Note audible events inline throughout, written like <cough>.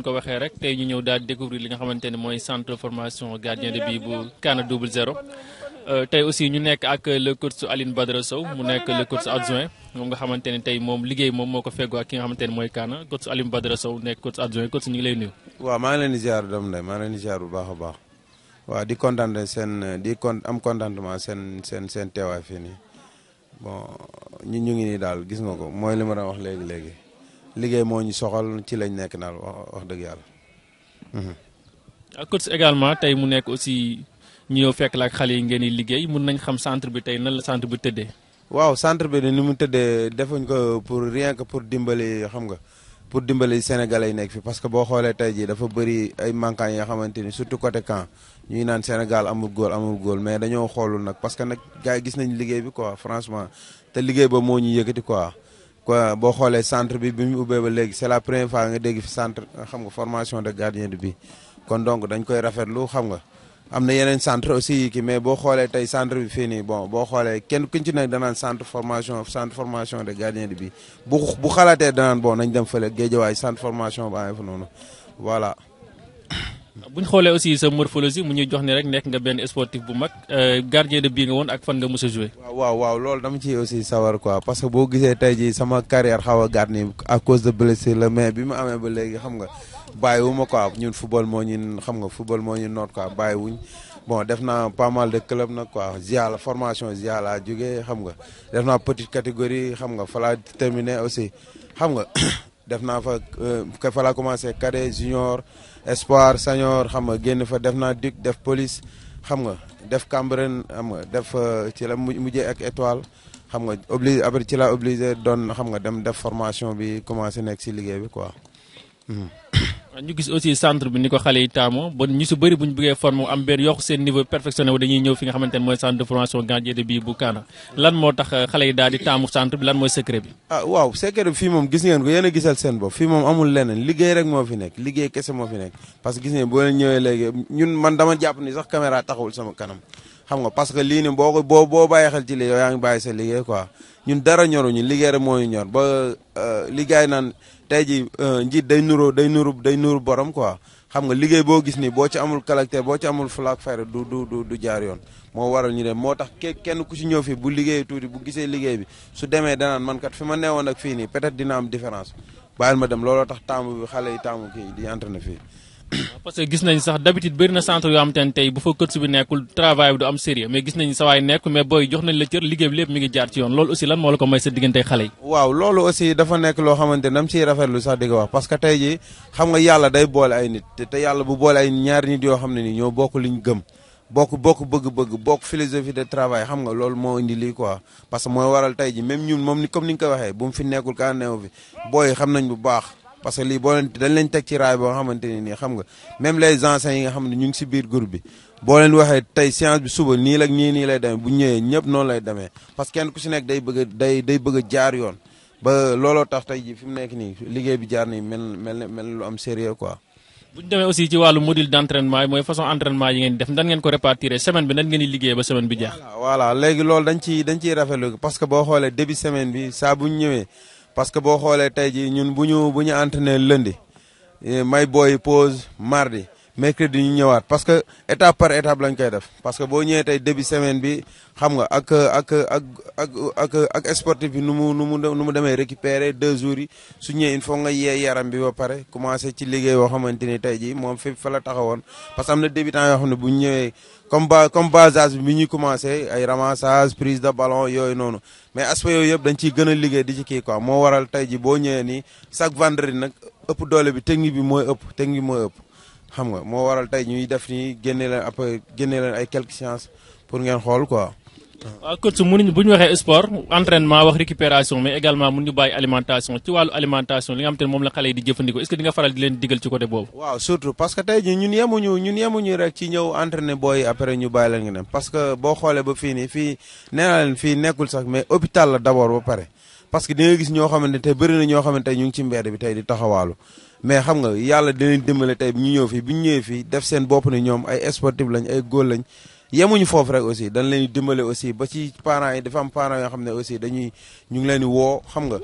leen ko waxee rek tey ñu ñëw daal di découvrir li nga xamante ne mooy centre formation gardien de but bu Kana double zéro euh, tey aussi ñu nekk ak le coach Aline Badara Sow mu nekk le coach adjoint moom nga xamante ne tey moom liggéey moom moo ko feggoo ak ki nga xamante ne mooy Kana coach Aline Badara Sow nekk coach adjoint coach ñu ngi lay nuyu. waaw maa ngi leen di ziar doom ndey maa ngi leen di ziar bu baax a baax waaw di kontaan seen di con am contentement seen seen seen teewaay fii nii bon ñun ñu ngi nii daal gis nga ko mooy li ma doon wax léegi léegi. liggéey moo ñu soxal ci lañ nekk naal wax wax dëgg yàlla. Mhm. Ah, coach également tey mu nekk aussi ñu yow fekk la ak xale yi ngeen di liggéey mun nañ xam centre bi tey nan la centre bi tëddee. waaw centre bi de ni mu tëddee defuñ ko pour rien que pour dimbali xam nga pour dimbali sénégalais yi nekk fi parce que boo xoolee tey ji dafa bëri ay manquant yi nga xamante ni surtout côté camp ñuy naan Sénégal amul góol amul góol mais dañoo xoolul nag parce que nag gars yi gis nañ liggéey bi quoi franchement te liggéey ba moo ñu yëkkati quoi. boo xoolee centre bi bi mu ubbee ba léegi c'est la première fois nga dégg fi centre xam nga formation de gardien de but kon donc dañ koy rafetlu xam nga am na yeneen centre aussi yi kii mais boo xoolee tey centre bi fii nii bon boo xoolee kenn kuñ ci nekk danaan centre formation centre formation de gardien de but bu bu xalaatee danaan bon nañ dem fële géejawaay centre formation baa fu noonu voilà buñ ñu xoolee aussi sa morphologie mu ñuy jox ni rek nekk nga benn sportif bu mag euh, gardien de bii nga woon ak fan nga mos a joué. waaw waaw loolu dama ci aussi sawar quoi parce que boo gisee tey jii sama carrière xaw a à cause de blessure la mais bi mu amee ba léegi xam nga bàyyiwuma quoi ñun football moo ñun xam nga football moo ñu noot quoi bàyyiwuñ bon def naa pas mal de club nag quoi Zia la formation Zia laa jógee xam nga def naa petite catégorie xam nga fala terminé aussi xam nga <coughs> def naa fa euh, fa laa commencé cadet junior. espoir senior xam nga génn fa def naa duc def police xam nga def Cambérène xam nga def euh, ci la mujjee ak étoile xam nga obligé après ci la obligé doon xam nga dem def formation bi commencé nekk si liggéey bi quoi. Hmm. ñu gis aussi centre bi ni ko xale yi taamoo ba ñu si bëri bu ñu bëggee forme am benn yokk seen niveau perfectionné wu dañuy ñëw fi nga xamante ne mooy centre de formation gardien de but bu Kaana lan moo tax euh, xale yi daal di taamu centre bi lan mooy secret bi ah waaw secret bi fii moom gis ngeen ko yéen a gisal seen bopp fii moom amul leneen liggéey rek moo fi nekk liggéey kese moo fi nekk parce que gis ngeen boo ñëwee léegi ñun man dama jàpp ni boo boo boo bàyyi xel ci lii yow yaa ngi bàyyi sa liggéey quoi ñun dara ñoruñu liggéey tey ji euh, njiit day nuroo day nuru day nuru borom quoi xam nga liggéey boo gis ni boo ci amul caractère boo ci amul flag fayra du du du du jaar yoon moo waral ñu dem moo tax kenn ku ci ñëw fii bu liggéey tuuti bu gisee liggéey bi su demee danaan man kat fi ma neewoon ak fii nii peut-être dina am différence bàyyil ma dem looloo tax taamu bi xale yi taamu kii di entraîné fii <coughs> parce que gis nañ sax d'habitude bëri na centre yoo xam te ne tey bu fa coach bi nekkul travail bi du am sérieux mais gis nañ sa waay nekkul mais booy jox nañ la cër liggéey bi lépp mi ngi jaar ci yoon loolu aussi lan moo la ko may sa diggante xale yi waaw loolu aussi dafa nekk loo xamante ne dam ciy rafetlu sax di wax parce tey ji xam nga yàlla day boole ay nit te yàlla bu boole ay ñaari nit yoo xam ne ni ñoo bokk liñ gëm bokk bokk bëgg-bëgg bokk philosophie de travail nga loolu moo indi lii quoi parce que mooy waral tey ji même ñun moom ni comme ni nga ko waxee bu mu fi nekkul kaa neew baax parce que lii boo leen dañ leen teg ci raay boo xamante ne nii xam nga même les anciens yi nga xam ne ñu ngi si biir groupe bi boo leen waxee tey séance bi suba nii la nii lay deme bu ñëwee ñëpp noonu lay demee parce que kenn ku si nekk day bëgg a day day bëgg a jaar yoon ba looloo tax tey jii fi mu nekk nii liggéey bi jaar nii mel mel mel lu am sérieux quoi. bu ñu demee aussi ci wàllu module d' entraînement yi mooy façon entraînement yi ngeen def nan ngeen ko répartir semaine bi nan ngeen di liggéey ba semaine que boo xoolee début semaine bi saa parce que boo xoolee tey jii ñun bu ñu bu lundi eh, may pause mardi mercredi ñu ñëwaat parce que étape par étape lañ koy def parce que boo ñëwee tey début semaine bi xam nga ak ak ak ak ak ak sportif bi nu mu nu mu nu mu demee récupérer deux jours yi su ñëwee il faut nga yee yaram bi ba pare commencé ci liggéey boo xamante ni tey jii moom fépp fa la taxawoon. parce que am na débutant yoo xam ne bu ñëwee comme ba comme basage bi mi ñuy commencé ay ramassage prise de ballon yooyu noonu mais aspect yooyu yëpp dañ ciy gën liggéey di ci kii quoi moo waral tey ji boo ñëwee ni chaque vendredi nag ëpp doole bi technique bi mooy ëpp technique bi mooy xam nga moo waral tey ñuy def nii génne leen après génne leen ay quelques séances pour ngeen xool quoi. waaw coach mënuñu bu ñu waxee sport entraînement wax récupération mais également mun ñu bàyyi alimentation ci wàllu alimentation li nga xam te ne moom la xale yi di jëfandikoo est-ce que di nga faral di leen digal ci côté boobu. waaw surtout parce que tey jii ñun yemuñu ñun yemuñu rek ci ñëw entraîné booy après ñu bàyyi leen nga parce que boo xoolee ba fii nii fii nee nekkul sax mais hôpital la d'abord ba parce que di nga gis ñoo xamante ne tey bëri na ñoo xamante ne ñu ngi ci mbedd bi tey di taxawaalu mais xam nga yàlla dinañ dimbale tey ñu ñëw fii bu ñu ñëwee fii def seen bopp ni ñoom ay sportif lañ ay góol lañ yemuñu foofu rek aussi dañ leen dimbale aussi ba ci parent yi defam am parents yoo xam ne aussi dañuy ñu leen di woo xam nga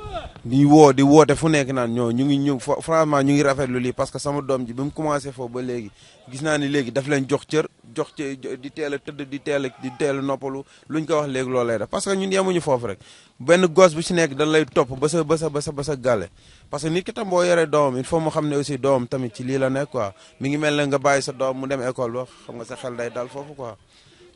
di woo di woote fu nekk naan ñoo ñu ngi ñu franchement ñu ngi rafetlu lii parce que sama doom ji bi mu commencé foofu ba léegi gis naa ni léegi daf leen jox cër jox ci di teel a tëdd di teel a di teel a noppalu luñ ko wax léegi loolu lay def parce que ñun yemuñu foofu rek benn gos bu ci nekk dañ lay topp ba sa ba sa ba sa ba sa que nit ki tam boo yoree doomam il faut mu xam ne aussi doomam tamit ci lii la nekk quoi mi ngi mel ne nga bàyyi sa doom mu dem école ba xam nga sa xel day daal foofu quoi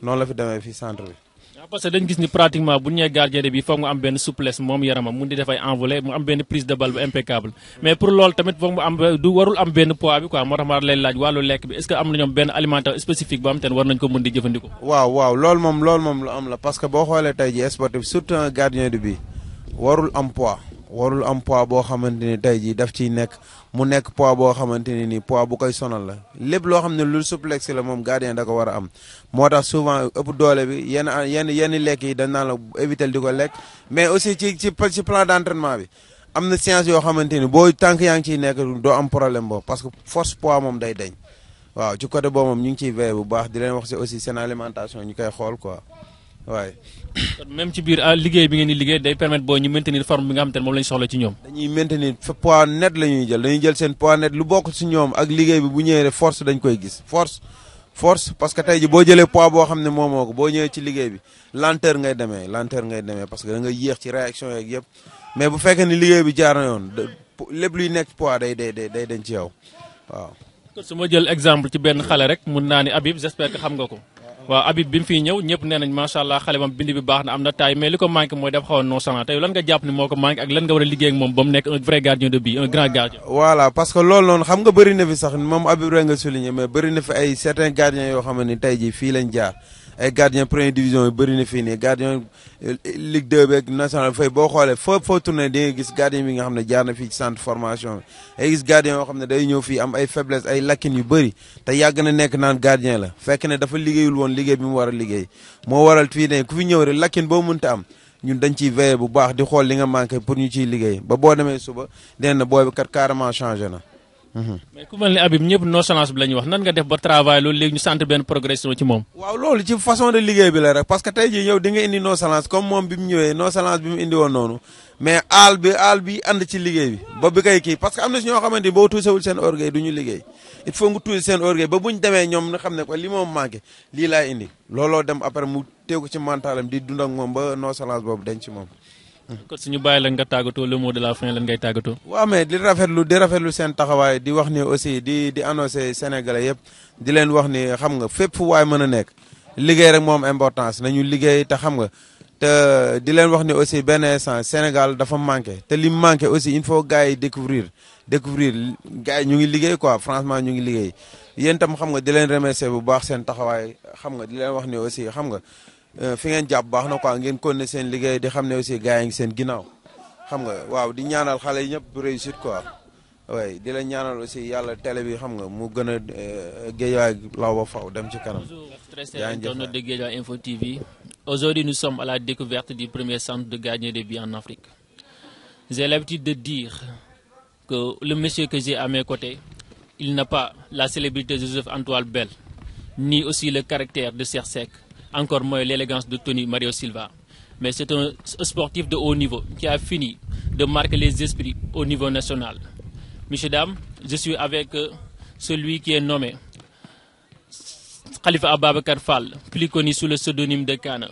noonu la fi demee fii centre bi waaw parce que dañ gis ni pratiquement bu ñu nee gardien bi foog mu am benn souplesse moom yaramam mu di def ay mu am benn prise de balle bu impeccable mais pour loolu tamit foog mu am du warul am benn poids bi quoi moo tax ma lay laaj wàllu lekk bi est am na ñoom benn alimentaire spécifique boo xam te war nañ ko mën di jëfandikoo. waaw waaw loolu moom loolu moom lu am la parce boo xoolee tey jii sportif surtout gardien de warul am poids. warul am pois boo xamante ni tey jii def ciy nekk mu nekk pois boo xamante ne nii pois bu koy sonal la lépp loo xam ne lu si la moom gardien da ko war a am. moo tax souvent ëpp doole bi yenn yenn yenn lekk yi dañ naan la éviter di ko lekk mais aussi ci ci ci plan d' entraînement bi am na séance yoo xamante ni boo tànk yaa ngi ciy nekk doo am problème boobu parce que force pois moom day deñ waaw ci côté boobu moom ñu ngi ciy veillé bu baax di leen wax si aussi seen alimentation ñu koy xool quoi. waaye kon ci biir ah, liggéey bi ngeen di liggéey day permettre boo ñu maintenir forme bi nga xam te ne moom la ñu soxla ci ñoom dañuy maintenir poids net la jël dañuy jël seen poids net lu bokk si ñoom ak liggéey bi bu ñëwee force dañ koy gis force force parce que tey ji boo jëlee poids boo xam ne moomoo ko boo ñëwee ci liggéey bi lenteur ngay demee lenteur ngay demee parce que da nga yéex ci réaction yeeg yëpp mais bu fekkee ni liggéey bi jaar na yoon lépp luy nekk poids day day day dañ ci yow waaw. su ma jël exemple ci benn xale rek mun naa ni Habib j'espère que xam nga ko. waaw Habib bi mu fiy ñëw ñëpp nee nañ macha allah xale bam bind bi baax na am na taay mais li ko manqué mooy dafa xaw a non sala tey lan nga jàpp ni moo ko manqué ak lan nga war a liggéey ak moom ba mu nekk un vrai gardien de but un grand gardien voilà parce que noonu xam nga bëri fi sax moom Habib rek nga souligné mais bëri fi ay certains gardiens yoo xam ne tey ji fii lañ jaar ay gardien première division yu bëri na fii nii gardien Ligue 2 beeg national fay boo xoolee foo foo tourné di gis gardien bi nga xam ne jaar na fii ci centre formation bi. ay gis gardien yoo xam ne day ñëw fii am ay faiblesse ay lacunes yu bëri te yàgg na nekk naan gardien la fekk ne dafa liggéeyul woon liggéey bi mu war a liggéey moo waral fii ku fi ñëw rek lacune boo mënta am. ñun dañ ciy veillé bu baax di xool li nga manqué pour ñu ciy liggéey ba boo demee suba dinañ ne booy bi changé na. mais ku mel ni Habib ñëpp nonchalance bi la wax nan nga def ba travail loolu léegi ñu sentir benn progression ci moom. waaw loolu ci façon de liggéey bi la rek parce que tey jii yow di nga indi nonchalance comme moom bi mu ñëwee nonchalance bi mu indi woon noonu mais aal bi aal bi ànd ci liggéey bi ba bi koy kii parce que am na si ñoo xamante ni boo tuusewul seen orgueil du ñu liggéey il faut nga tuuse seen orgueil ba bu demee ñoom nga xam ne ko après mu teeku ci mentalam moom ba nonchalance boobu denc ci moom. kon suñu bàyyi la nga tàggatoo le mot de la fin lan ngay tàggatoo. waaw mais di rafetlu di rafetlu seen taxawaay di wax ni aussi di di annoncer Sénégalais yëpp di leen wax ni xam nga fépp fu mën a nekk liggéey rek moom importance nañu liggéey te xam nga te di leen wax ni aussi benn instant Sénégal dafa manqué te li manqué aussi il faut gars yi découvrir découvrir gars yi ñu ngi liggéey quoi franchement ñu ngi liggéey yéen xam nga di leen remercier bu baax seen taxawaay xam nga di leen wax ni aussi xam nga. Euh, fi ngeen jàpp baax na quoi ngeen continuer seen liggéey di xam ne aussi gars yi ngi seen ginnaaw xam nga waaw di ñaanal xale yi ñëpp réussite quoi waaye di la ñaanal aussi yàlla télé bi xam nga mu gën a euh, Guédiawaye law ba faw dem ci kanam. yaa ngi jëf de Guédiawaye Info TV. Aujourd'hui, nous sommes à la découverte du premier centre de gardien de but en Afrique. J'ai l'habitude de dire que le monsieur que j'ai à mes côtés, il n'a pas la célébrité de Joseph Antoine Bell, ni aussi le caractère de Sersec encore moins l'élégance de Tony Mario Silva. Mais c'est un sportif de haut niveau qui a fini de marquer les esprits au niveau national. Monsieur dames, je suis avec euh, celui qui est nommé Khalifa Ababakar Fall, plus connu sous le pseudonyme de Kana.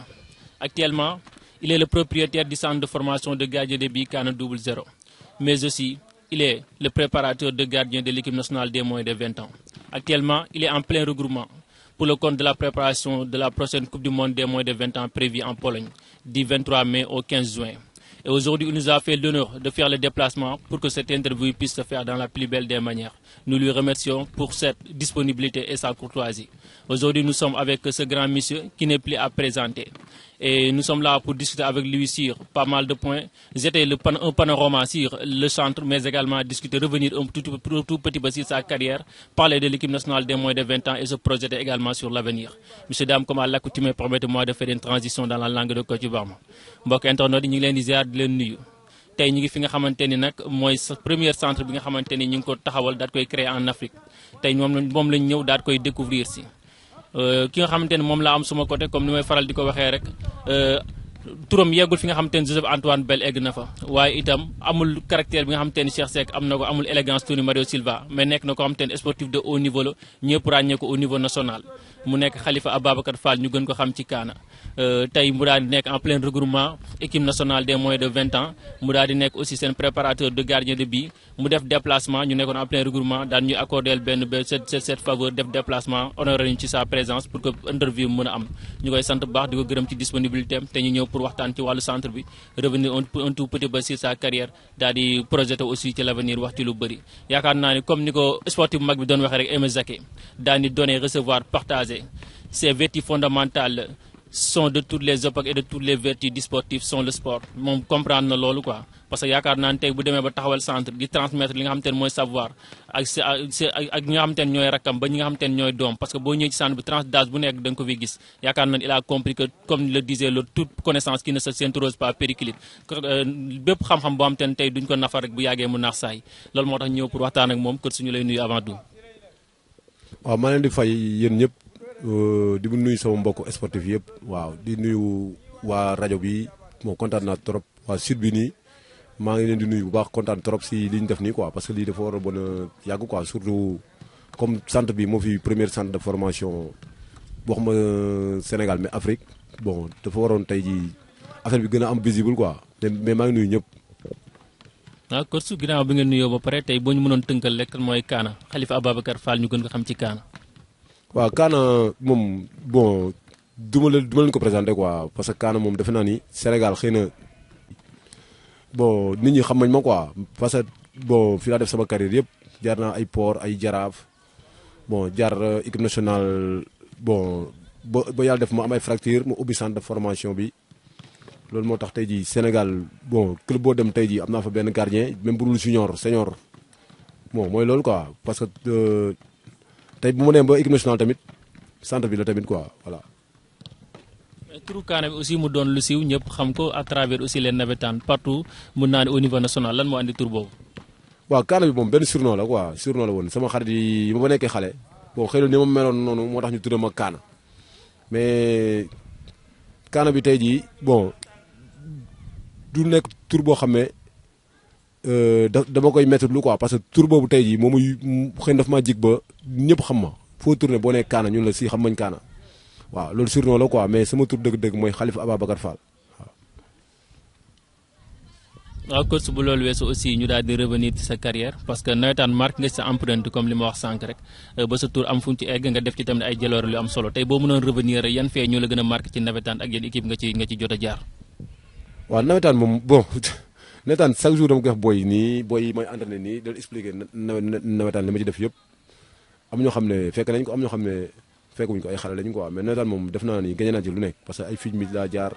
Actuellement, il est le propriétaire du centre de formation de gardien de billes Kana 00. Mais aussi, il est le préparateur de gardien de l'équipe nationale des moins de 20 ans. Actuellement, il est en plein regroupement pour le compte de la préparation de la prochaine Coupe du Monde des moins de 20 ans prévue en Pologne, du 23 mai au 15 juin. Et aujourd'hui, il nous a fait l'honneur de faire le déplacement pour que cette interview puisse se faire dans la plus belle des manières. Nous lui remercions pour cette disponibilité et sa courtoisie. Aujourd'hui, nous sommes avec ce grand monsieur qui n'est plus à présenter. Et nous sommes là pour discuter avec lui sur pas mal de points. J'étais un panorama sur le centre, mais également discuter, revenir un tout, petit peu sur sa carrière, parler de l'équipe nationale des moins de 20 ans et se projeter également sur l'avenir. Monsieur Dame, comme à l'accoutumée, permettez-moi de faire une transition dans la langue de Côte d'Ivoire. Je internautes yi dans ngi leen di ziar di ngi fi nga premier centre bi nga xamanteni ni ñu ngi ko taxawal daal koy créer en Afrique tay moom mom lañ ñëw daal koy découvrir si Euh, ki nga xamante ne moom laa am suma côté comme ni may faral di ko waxee rek euh, turam yeggul fi nga xamante ne Joseph Antoine Bell egg na fa waaye itam amul caractère bi nga xam ne Cheikh Seck am na ko amul élégance tuuti Mario Silva mais nekk na ko xamante ne sportif de haut niveau la ñëpp ràññee ko au niveau national mu nekk Khalifa Ababacar Fall ñu gën ko xam ci Kaana. Euh, tey mu daal di nekk en plein regroupement équipe nationale des moins de ans mu daal nekk aussi seen préparateur de gardien de but mu def déplacement ñu nekkoon en plein regroupement daal ñuy accordeel benn benn cette cette def déplacement honoré ñu ci sa présence pour que interview mën a am ñu koy sant baax di ko gërëm ci disponibilité te ñu ñëw pour waxtaan ci wàllu centre bi revenir un tout petit peu sa carrière daal di aussi ci l' sont de toutes les opac et de toutes les vertus du sportif sont le sport mon comprendre na loolu quoi parce que yaakaar naa ne tey bu demee ba taxawal centre di transmettre li nga xamante ne mooy savoir ak sa ak ñi nga xamante ne ñooy rakkam ba nga xamante ne ñooy doom parce que boo ñëwee ci centre trans tranche d'âge bu nekk da ko fi gis yaakaar naa il a compris que comme le disait le toute connaissance qui ne se s'interroge pas périclite euh, bépp xam-xam boo xamante ne tey duñ ko nafar rek bu yàggee mu naax saay loolu moo tax pour waxtaan ak moom kër suñu lay nuyu avant tout. waaw maa leen di fay yéen ñëpp. Euh, di nuyu sama mbokk sportif yëpp waaw di nuyu waa rajo bi mo contane na trop waa sud bi nii maa ngi leen di nuyu bu baax contane trop si liñ def nii quoi parce que lii dafa war a bon a yàgg quoi surtout comme centre bi moo fi premier centre de formation wax ma Sénégal mais Afrique bon dafa waroon tey jii affaire bi gën a am visible quoi mais maa ngi nuyu ñëpp. waaw su ginnaaw bi ngeen nuyoo ba pare tey boo ñu mënoon tënkal rek mooy Kaana Khalifa Ababacar Fall ñu gën nga xam ci Kaana wa kana mom bon duma le duma len ko présenté quoi parce que kana mom def na ni Sénégal xeyna na bon nit ñi xam nañ ma quoi parce que bon fi la def sama carrière yëpp jar na ay port ay jaraf bon jar eh, équipe nationale bon bo yalla def ma am ay fracture mo ubi centre de formation bi lool moo tax tey jii Sénégal bon club bo dem tay ji amna fa ben gardien même bu junior senior bon moy lool quoi parce que euh, tey bu mu nee ba équipe nationale tamit centre bi la tamit quoi voilà. turu Kaane bi aussi mu doon lu siiw ñëpp xam ko à travers aussi les navétanes partout mun naa ne au national lan moo andi tur boobu. waaw Kaane bi moom benn surnom la quoi surnom la woon sama xarit yi ma nekkee xale bon xëy na ni ma meloon noonu moo tax ñu tuddee ma Kaana mais Kaana bi tey jii bon du nekk tur boo xam Euh, da dama koy métti lu quoi parce que tour boobu tey jii moom muy xëy na daf maa jig ba ñëpp xam ma foo tourné boo nekk Kaana ñun la si xam mañ Kaana waaw loolu surnom la quoi mais sama tur dëgg-dëgg mooy Khalifa Ababacar Fall waaw. waaw coach bu loolu weesu aussi ñu daal di revenir ci sa carrière parce que nawetaan marque nga ci sa empreinte comme li ma wax sànq rek euh, ba sa tur am fu mu ci egg nga def ci tamit ay jaloor lu am solo tey boo mënoon revenir rek yan fee ñoo la gën a marqué nawetaan ak yan équipe nga nga ci jot a jaar. waaw nawetaan moom bon. <laughs> nawetaan chaque jour dama ko def boy yi nii booy yi may entraîné nii doon expliqué nawetaan li ma ci def yëpp am ñoo xamné fekk nañ ko am ñoo xamné ne fekkuñ ko ay xale lañ quoi mais nawetaan mom def naa ni gagné na ci lu nekk parce que ay fij mi la jaar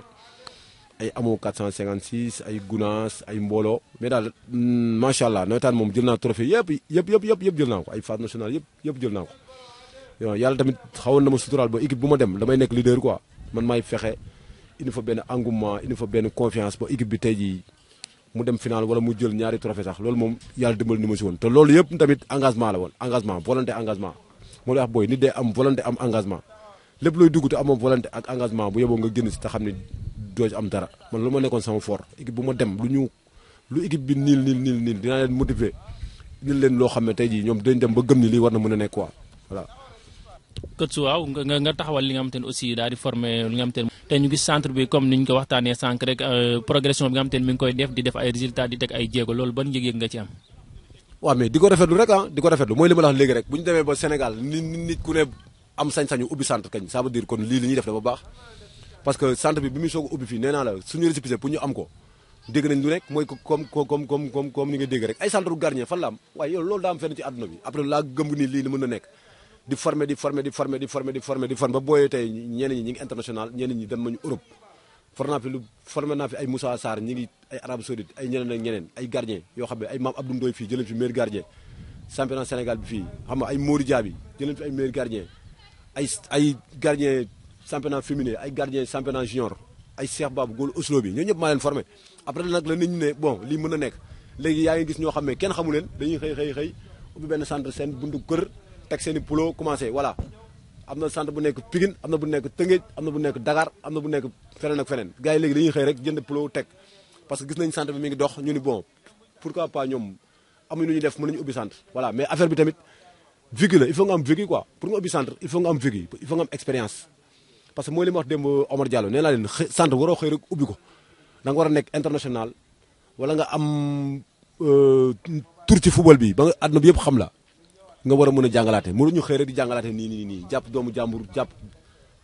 ay amo 456 ay gunaas ay mbolo mais daal mm, macha allah nawetaan mom jël na trophée yëpp yëpp yëpp yëpp yëpp jël na ko ay phase nationale yëpp yëpp jël na ko waaw yalla tamit xawon na ma sutural bo équipe bu ma dem damay nekk leader quoi man may fexé indi fa ben engouement indi fa ben confiance bo équipe bi tay jii mu dem final wala mu jël ñaari trophée sax loolu moom yàlla dimbal ni ma si woon te loolu yëpp tamit engagement la woon engagement volonté engagement moo lay wax booy nit day am volonté engagement lépp looy dugg te amoon volonté ak engagement bu yeboo nga génn si te xam ne doo am dara man lu ma nekkoon sama fort équipe bu ma dem lu ñu lu équipe bi niil niil niil niil dinaa leen motiver niil leen loo xam ne tey jii ñoom dañ dem ba gëm ni lii war na mën a nekk quoi voilà kët su waaw nga nga taxawal li nga xamante ne aussi daal di former li nga ne te ñu gis centre bi comme ni ñu ko waxtaanee sànq rek euh, progression bi nga xamante ne mi ngi koy def di def ay résultats di teg ay jéego loolu ban yëg-yëg nga ci am waaw di ko rafetlu rek ah di ko rafetlu mooy li ñu demee ba Sénégal nit nit ku ne am sañ-sañu lii li ko dégg nañ lu lii mën na nekk di former di former di former di former di former di former ba booyee tey ñeneen ñi ñu ngi international ñeneen ñi dem nañu Europe for naa fi lu formé naa fi ay Moussa Sarr ñi ngi ay Arabie Saoudite ay ñeneen ak ñeneen ay gardien yoo xam ne ay maam Abdou Ndoye fii jëleen fi meilleur gardien championnat Sénégal bi fii xam nga ay Mori Dia bi jëleen fi ay meilleur gardien ay ay gardien championnat féminin ay gardien championnat junior ay Cheikh Babou góolu Oslo bi ñoo ñëpp maa leen formé après nag la nit ne bon lii mën a nekk léegi yaa ngi gis ñoo xam ne kenn xamu leen dañuy xëy xëy xëy ubbi benn centre seen buntu kër teg seen i pulo commencé voilà am na centre bu nekk Pikine am na bu nekk Tëngéej am na bu nekk Dakar am na bu nekk feneen ak feneen gars yi léegi dañuy xëy rek jënd pulo teg parce que gis nañ centre bi mi ngi dox ñu ni bon pourquoi pas ñoom amuñu lu ñu def mën nañu ubbi centre voilà mais affaire bi tamit vécu la il nga am vécu quoi pour nga ubbi centre il faut nga am vécu il faut nga expérience parce que mooy li ma wax démb Omar Diallo nee naa leen centre waroo xëy rek ubbi ko da war a international wala nga am euh, tur ci bi ba nga àdduna yëpp xam la nga war a mën a jàngalaate mënuñu xëy rek di jàngalaate nii nii nii jàpp doomu jàmbur jàpp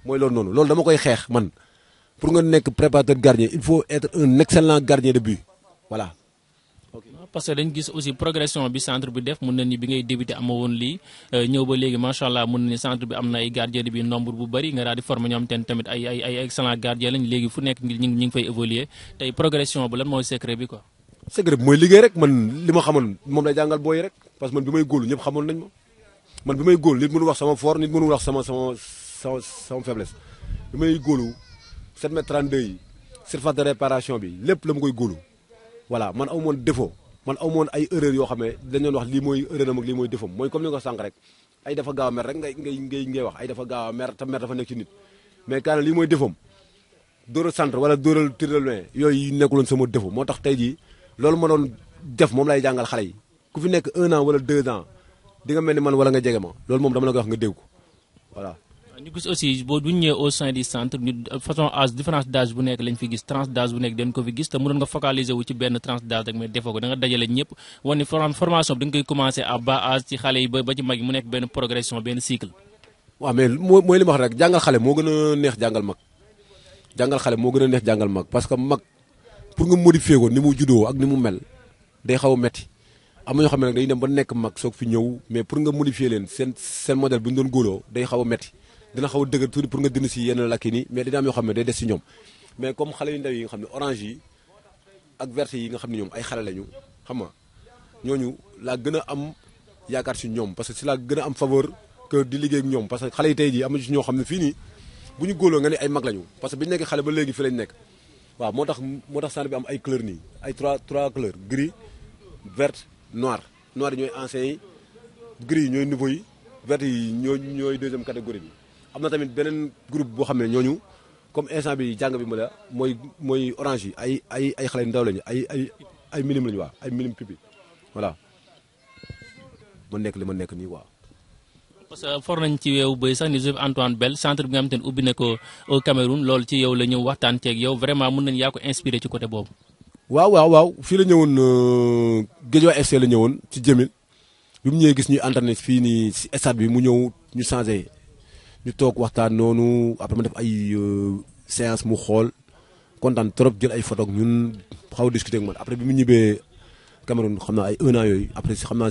mooy loolu noonu loolu dama koy xeex man pour nga nekk préparateur gardien il faut être un excellent gardien de but voilà. Ah, parce que dañ gis aussi progression bi centre bi def mun na ni bi ngay débuté ama woon lii euh, ñëw ba léegi macha allah mun na ni centre bi am na ay gardien de but nombre bu bari nga daal di former ñoom teen tamit ay ay ay excellent gardien lañ léegi fu nekk ñu ngi ñu ngi fay évoluer tey progression bu lan mooy secret bi quoi. secret mooy liggéey rek man li ma xamoon moom la jàngal booy rek parce que man bi may góolu ñëpp xamoon nañ ma man bi may góolu nit mënu wax sama fort nit mënu wax sama sama sama sama faiblesse bi may góolu 7 mètre 32 yi surface de réparation bi lépp la mu koy góolu voilà man aw moon défaut man aw moon ay erreur yoo xam ne dañ doon wax lii mooy erreur am ak lii mooy défaut mooy comme ni nga ko sànq rek ay dafa gaaw a mer rek ngay ngay ngay ngay wax ay dafa gaaw a nekk nit mais kaana lii mooy défaut dóoral centre wala dóoral tirer loin yooyu nekkuloon sama défaut moo tax tey jii loolu ma doon def moom lay jàngal xale yi ku fi nekk un an wala deux ans di nga mel ni man wala nga jege ma loolu moom dama la ko wax nga dégg ko voilà. ñu gis aussi boo bu ñu ñëwee au sein du centre ñu façon âge différence d'âge bu nekk lañ fi gis tranche d'âge bu nekk dañ ko fi gis te mënoon nga wu ci benn tranche d'âge rek mais defoo ko da nga dajale formation bi da nga koy commencer à bas âge ci xale yi ba ba ci mag yi mu nekk benn progression benn cycle. waaw mais mooy li rek jàngal xale moo gën a neex jàngal mag jàngal xale moo gën a neex jàngal mag parce que mag pour nga modifier ko ni mu juddoo ak ni mu mel day xaw a metti am ñoo xam ne nag dem ba nekk mag soog fi ñëw mais pour nga modifier leen seen seen modèle bi ñu doon góoloo day a metti dina a dëgër tuuti pour nga dindi si yenn lakki ni mais dina am yoo xam ne si ñoom mais comme xale yu ndaw yi ne orange yi yi nga xam ne ñoom ay xale lañu xam nga ñooñu laa gën a am yaakaar si ñoom parce que si laa gën am faveur que di liggéey ak ñoom parce tey jii am na si xam ne fii nii bu ñu góoloo nga ne ay mag lañu parce que bi nekk xale ba léegi fi lañ nekk waaw moo tax moo tax centre bi am ay couleur nii ay trois trois couleurs gris vert noir noir yi ñooy anciens yi gris yi ñooy niveau yi vert yi ñooy ñooy deuxième catégorie bi am na tamit beneen groupe boo xam ne ñooñu comme instant bi jàng bi ma la mooy mooy orange yi ay ay ay xale ndaw lañu ay ay ay minime lañu waa ay minime pipi voilà ma nekk li ma nekk nii waa parce que for nañ ci weewu bay sax ni Joseph Antoine Bell centre bi nga xamante ne ubbi na ko au Cameroun loolu ci yow la ñëw waxtaan ceeg yow vraiment mun nañ yaa ko inspiré ci côté boobu. waaw waaw waaw fii la ñëwoon euh, Guédiawaye FC la ñëwoon ci jëmil bi mu ñëwee gis ñuy entraîné fii nii si stade bi mu ñëw ñu changé ñu toog waxtaan noonu après ma def ay euh, séance mu xool kontaan trop jël ay photo ak ñun xaw a discuter ak man après bi mu ñibbee Cameroun xam naa ay un an yooyu après xam naa.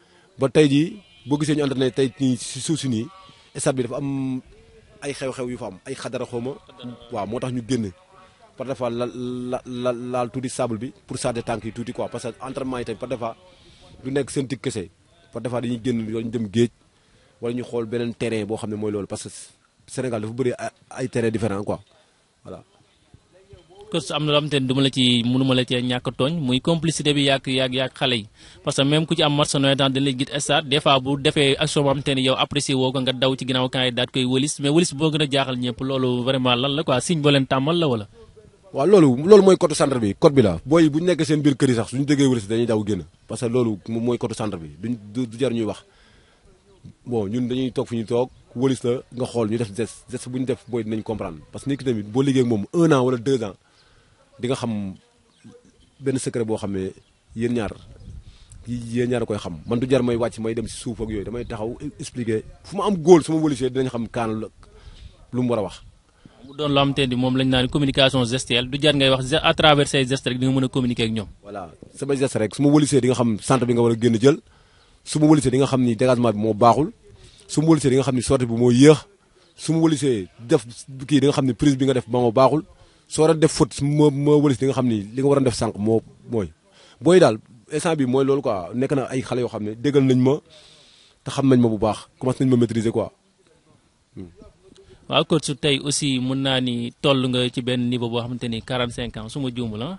ba tey jii boo gisee ñu entraîné tey nii si suuf si nii stade bi dafa am ay xew-xew yu fa am ay xadara xawma waaw moo tax ñu génn par des fois la la la laal tuuti sable bi pour sàrde tànk yi tuuti quoi parce que entraînement yi tamit par des fois nekk seen tig kese par des fois dañuy génn ñu dem géej wala ñu xool beneen terrain boo xam ne mooy loolu parce que Sénégal dafa bëri ay terrain différent quoi voilà coach am na loo xamante ne duma la ci mënuma la cee ñàkk tooñ muy complicité bi yàgg yàgg xale yi parce que même ku ci am match nawetaan dañ lay gis stade bu defee action boo xamante ne yow apprécié woo ko nga daw ci ginnaaw camp yi daat koy wëlis mais wëlis boo gën a jaaxal ñëpp loolu vraiment lan la quoi signe boo leen tàmmal la wala waaw loolu loolu mooy côté centre bi côté bi la booy bu nekk seen biir kër yi sax suñu déggee wëlis toog wëlis la nga xool ñu di nga xam benn secret boo xam ne yéen ñaar yéen ñaar koy xam man du jar may wàcc may dem si suuf yooyu damay taxaw expliqué fu ma am góol su ma wëlisee dinañ xam kaan la lu mu war a wax. mu doon loo am moom lañ naan communication gestuelle du jar ngay wax à travers say gestes rek di nga mën a communiquer ak ñoom. voilà sama geste rek su ma xam centre bi nga war a génn jël su ma wëlisee di nga xam ni dégagement bi moo baaxul su ma wëlisee di nga xam ni sortie bi moo yéex su ma wëlisee def kii di nga xam ni prise bi nga def ba moo baaxul. soo war a def faute moo moo wëlis li nga xam ni li nga war a def sànq moo mooy booy daal instant bi mooy loolu quoi nekk na ay xale yoo xam ne déggal nañ ma te xam nañ ma bu baax commencé nañ ma maîtriser quoi. Hmm. waaw coach su tey aussi mën naa ni toll nga ci benn niveau boo xamante ni 45 ans su ma juumu la ah,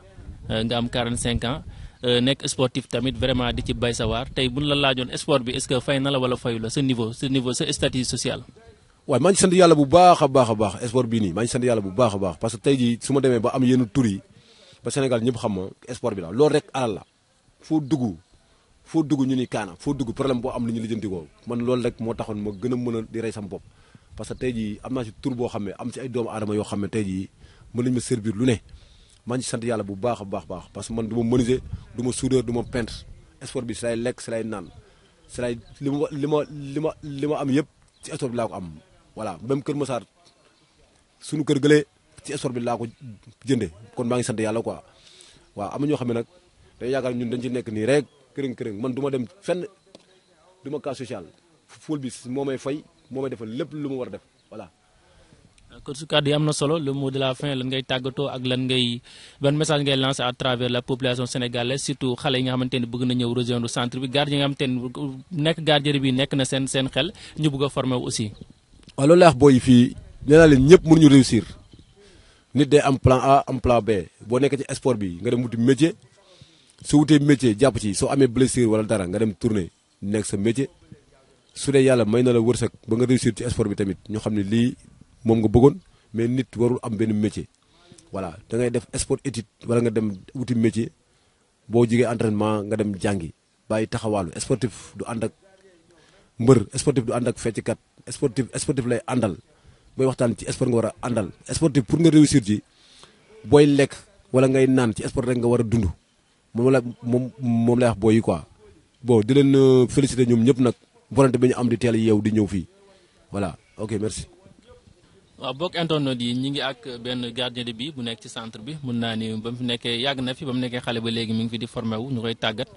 euh, nga am 45 ans euh, nekk sportif tamit vraiment di ci bay sa waar tey buñ la laajoon sport bi est-ce na la wala fayu la sa niveau sa niveau sa statut social. waaye maa sant yalla bu baakha baakha baax a baax sport bii nii maa sant yalla bu baakha baax parce que tey jii su ma ba am yenu tour yi ba Sénégal ñëpp xam sport bi la loolu rek alal la fo duggu fo duggu ñu ni kana fo duggu problème bo am lu ñu lijeenti ko man lool rek mo taxoon mo gëna mëna di ray sam bop parce que tey jii am naa si tur am ci ay doom adama yo xamé ne tey jii servir lu ne maa sant yalla bu baakha baax baax parce que man duma moniser duma soudeur duma peintre sport bi say lek say nan say naan si lay am yep ci sport bi ko am voilà même Kër Massar suñu kër gëlee ci esport bi laa ko jënde kon maa ngi sant yàlla quoi waaw am na ñoo xam ne nag day yaakaar ñun dañu ci nekk nii rek kërëng kërëng man du dem fenn du ma cas social fool bi moo may fay moo may defal lépp lu mu war a def voilà. kon su kàddu yi am na solo le mot de la fin lan ngay tàggatoo ak lan ngay ban message ngay lancer à travers la population sénégalaise surtout xale yi nga xamante ni bëgg na ñëw rejoindre centre bi gardien yi nga xamante ni nekk gardien bi nekk na seen seen xel ñu bëgg a aussi. walau lah boy fi booy fii nee naa leen réussir am plan A am plan B boo nekkee ci sport bi nga dem wuti métier su wuti métier jàpp ci so ame blessure wala dara nga dem tourner nek sa métier su dee yàlla may na la ba nga réussir ci sport bi tamit ñu xam li lii moom nga bëggoon mais nit warul am benn métier. voilà da ngay def sport étude wala nga dem wuti métier boo jigee entraînement nga dem jàngi bàyyi taxawaalu sportif du ànd ak mbër sportif du ànd ak kat sportif sportif lay andal, boy waxtan ci sport nga wara andal àndal sportif pour nga réussir ji boy lek wala ngay nan ci sport rek nga wara a dund moom la mom moom lay wax boy quoi bo di len euh, féliciter ñom ñep nak volonté bi ñu am di teel yow di ñew fi voilà ok merci wa bok antono di ñi ngi ak ben gardien de bi bu nek ci centre bi mën na ni bam fi nekké yag na fi bam nekké xalé ba légui mi ngi fi di formé wu ñu tagat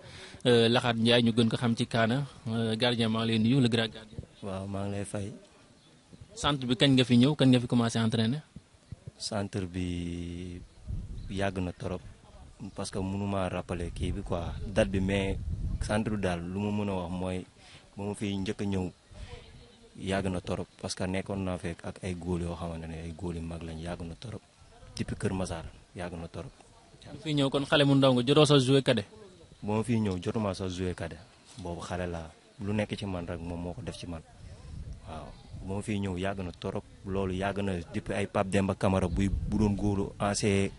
euh laxat ñay ñu gën ko xam ci kana euh, gardien ma lay nuyu le grand gardien waaw maa ngi lay fay. centre bi kañ nga fi ñëw kañ nga fi commencé entraîner. centre bi yàgg na torop parce que mënuma rappeler kii bi quoi date bi mais centre bi daal lu ma mën a wax mooy ba ma fiy njëkk a ñëw yàgg na torop parce que nekkoon naa fekk ak ay góol yoo xamante ne ay góol yu mag lañ yàgg na trop depuis Kër Massar yàgg na torop fi ñëw kon xale mu ndaw nga jotoo sa joué cadet. ba ma fiy ñëw jotuma sa joué cadet boobu xale laa lu nekk ci man rek moom moo ko def ci man. waaw moo fi ñëw yàgg na torop loolu yàgg na depuis ay Pape Demba Camara buy bu doon góoru ancien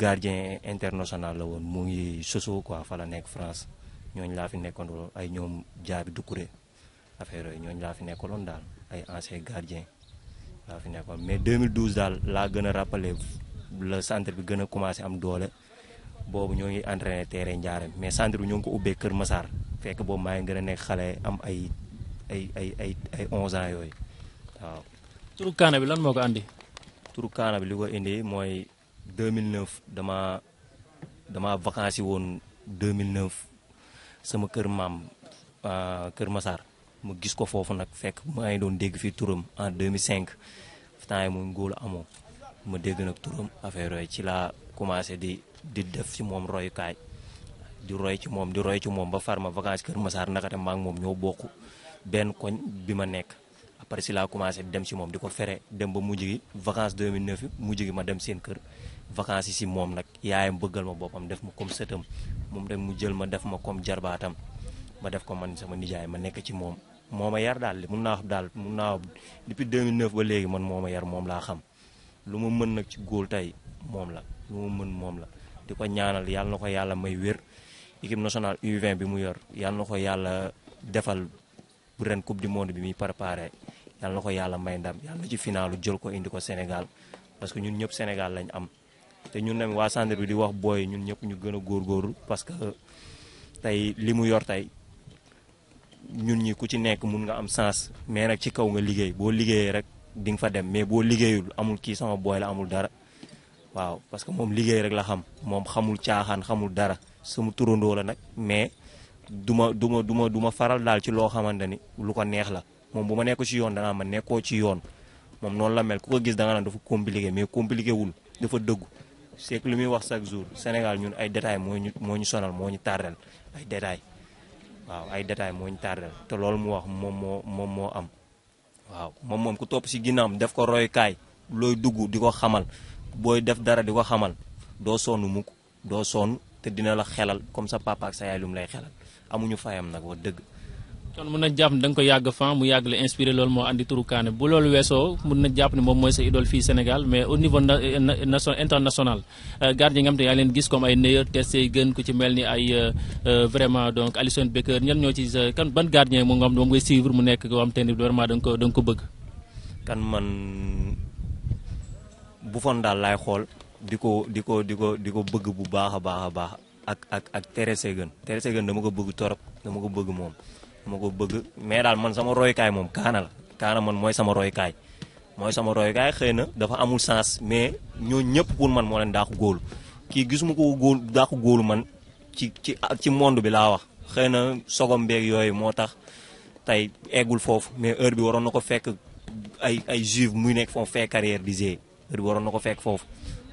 gardien international la woon mu ngi soso quoi fa la nekk France ñooñ laa fi nekkandoo ay ñoom jaabi dukkure affaire yooyu ñooñu laa fi nekkaloon daal ay ancien gardien laa fi nekkoon mais 2012 daal laa gën a rappelé la centre bi gën a commencé am doole boobu ñoo ngi entraîné terrain Ndiarème mais centre bi ñoo ngi ko ubbee Kër Massar fekk boobu maa ngi gën a nekk xale am ay ay ay ay ay onze ans yooyu waaw. turu kaana bi lan moo ko andi. turu kaana bi li ko indi mooy 2009 dama dama damaa yi woon 2009 sama kër maam euh, Kër masaar ma gis ko foofu nag fekk maa ngi doon dégg fii turam en 2005 temps yi mu ngóolu amoo ma dégg nag turam affaire yooyu ci laa commencé di di def ci moom royukaay di roy ci moom di roy ci moom ba far ma vacances Kër masaar naka dem maa moom ñoo bokk. ben koñ bimanek nek après si commencé dem ci mom di féré dem ba mujj gi vacances 2009 mujj gi ma dem seen kër vacances yi mom nak yaayam bëggal ma bopam def ma comme sëtam mom dem mu jël ma def ma comme jarbaatam ma def ko man sama nijaay ma nek ci moma yar dal yar daal mun naa daal mun naa depuis 2009 ba légui man moma yar mom la xam lu mën nak ci góol tay mom la lu mën mom la diko ñaanal yalla nako yalla may wër équipe nationale U20 bi mu yor yalla nako yalla defal pour ren coupe du monde bi muy préparé yàlla na ko yàlla may ndam yàlla na ci finaalu jël ko indi ko Sénégal parce que ñun ñëpp Sénégal lañ am te ñun tamit waa centre bi di wax booy ñun ñëpp ñu gën a góorgóorlu parce que tey li mu yor tey ñun ñi ku ci nekk mun nga am sance mais nag ci kaw nga liggéey boo liggéeyee rek di nga fa dem mais boo liggéeyul amul kii sama booy la amul dara waaw parce que moom liggéey rek la xam moom xamul caaxaan xamul dara sama turandoo du ma duma ma du faral daal ci loo xamante ni lu ko neex la moom bu ma nekk ci yoon danaa ma nekkoo ci yoon moom noonu la mel ku ko gis da nga naan dafa compliqué mais compliqué wul dafa dëggu c'est que lu muy wax chaque jour Sénégal ñun ay détails moo ñu moo ñu sonal moo ñu tardel ay détails waaw ay détails moo ñu te loolu mu wax moom moo moom moo am waaw moom moom ku topp ci ginnaawam def ko roykaay looy dugg di ko xamal booy def dara di ko xamal doo sonn mukk doo sonn te dina la xelal comme sa papa ak sa yaay lu mu lay xelal amuñu fayam nak wa deug kon mun japp dang ko yag fan mu yag la inspirer loolu mo andi turu kaane bu loolu weesoo mun japp ni mom moy sa idole fi Sénégal mais au niveau national international euh, gardien ngam te ya len gis comme ay Neuer Ter Stegen ku ci melni ay euh, euh, vraiment donc alison Becker ñan ñoo ci kan ban gardien mo ngam xam moom suivre mu nek go am te vraiment dang ko dang ko bëgg kan man bu fon dal lay xol diko diko diko diko bëgg bu baaxa baaxa baax ak ak ak Tere Segen Tere Segen dama ko bëgg torop dama ko bëgg moom dama ko bëgg mais daal man sama roykaay moom kaana la kaana man mooy sama roykaay mooy sama roykaay xëy na dafa amul sens mais ñoo ñëpp pour man moo leen daaku góolu kii gisuma ko góol daaku góolu man ci ci ci monde bi laa wax xëy na sogom beeg yooyu moo tax tey eggul foofu mais heure bi waroon na ko fekk ay ay juve muy nekk foofu fekk carrière di heure bi waroon na ko fekk foofu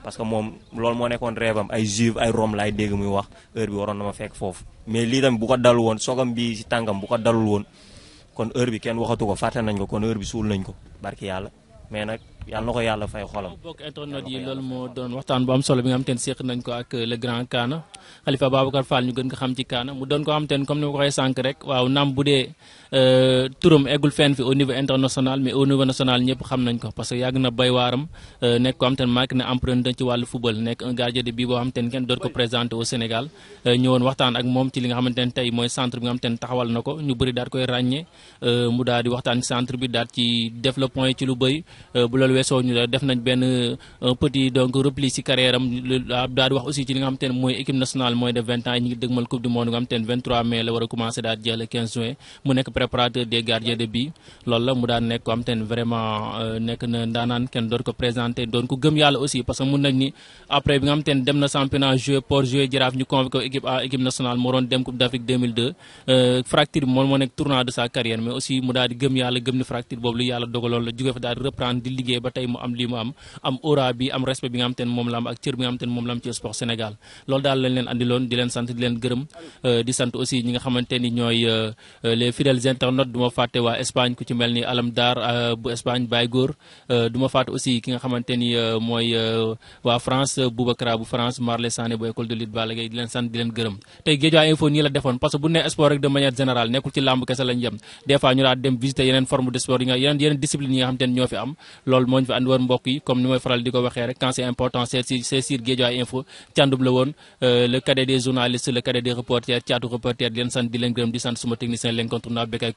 parce que moom loolu moo nekkoon rêve am ay juive ay rome laay dégg muy wax heure bi waroon na ma fekk foofu mais lii tamit bu ko dal woon sogam bi si tàngam bu ko dalul woon kon heure bi kenn waxatu ko fàtte nañ ko kon heure bi suul nañ ko barki yàlla mais nag yàlla na ko yàlla fay xolam. bokk internet yi loolu moo doon waxtaan bu am solo bi nga xam te ne nañ ko ak le grand Kaana Khalifa Babacar Fall ñu gën nga xam ci Kaana mu doon ko xam te comme ni ma ko waxee rek waaw naam bu dee euh, turam eggul fenn fi au niveau international mais au niveau national ñëpp xam nañ ko parce que yàgg na bay waaram euh, nekk ko xam te ne marqué ci wàllu football nekk un gardien de but boo xam te kenn doot ko présenté weesoo ñu def nañ benn euh, petit donc repli si carrière am ah, daal wax aussi ci li nga xam te mooy équipe nationale mooy de vingt ans yi ñu ngi dëgmal coupe du monde nga xam te ne 23 mai la war a commencé daal jeex le 15 juin mu nekk préparateur des gardiens de but loolu la mu daan nekk ko xam te vraiment euh, nekk na ndaanaan kenn doon ko présenté doon ko gëm yàlla aussi parce que mun nañ ni après bi nga xam te dem na championnat joué port liggéey ba tey mu am lii mu am am aura bi am respect bi nga xam te moom la am ak cër bi nga xam te moom la am ci sport Sénégal loolu daal lañ leen andiloon di leen sant di leen gërëm tey Guédiawaye Info nii la defoon parce bu ne sport rek de manière générale nekkul ci làmb kese lañ jëm des ñu daal dem visiter yeneen forme de sport yi nga yeneen discipline yi nga xamante ni ñoo fi am loolu le monde va nous faire comme ni le faral quand c'est important c'est sur c'est Info càndub woon euh, le cadet des journalistes le cadet des reporters caatu reporter de l'ensemble des di leen gërëm di des suma technicien l'incontournable Bekay